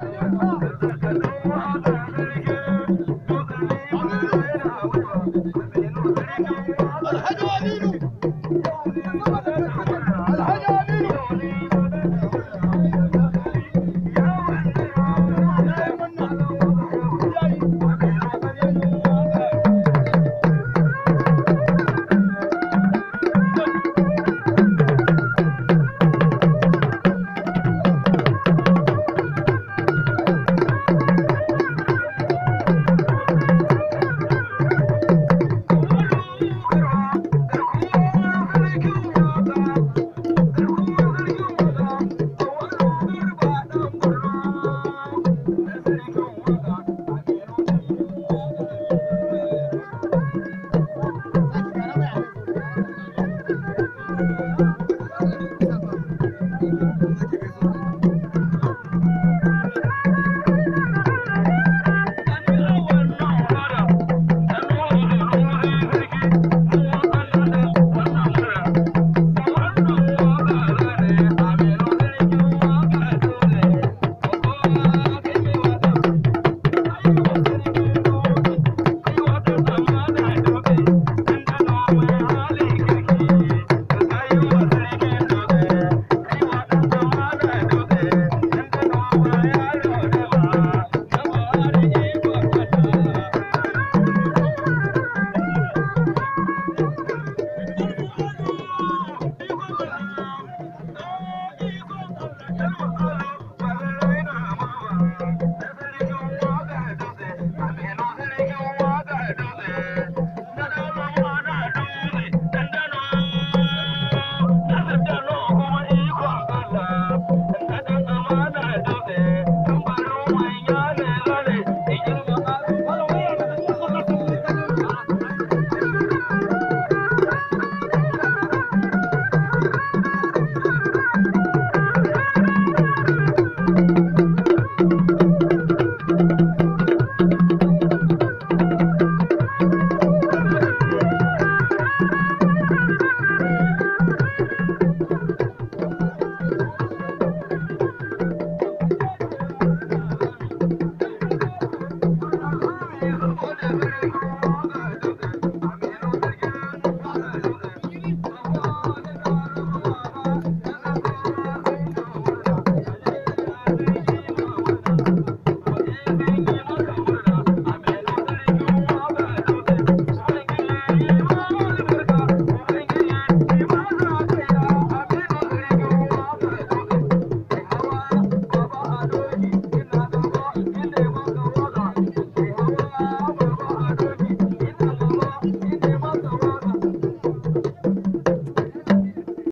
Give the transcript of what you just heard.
Thank you. Come on.